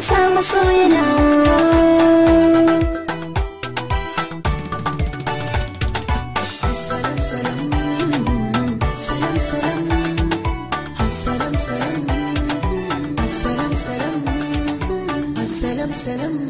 sama suyuna Selam selam Selam selam Selam selam Selam selam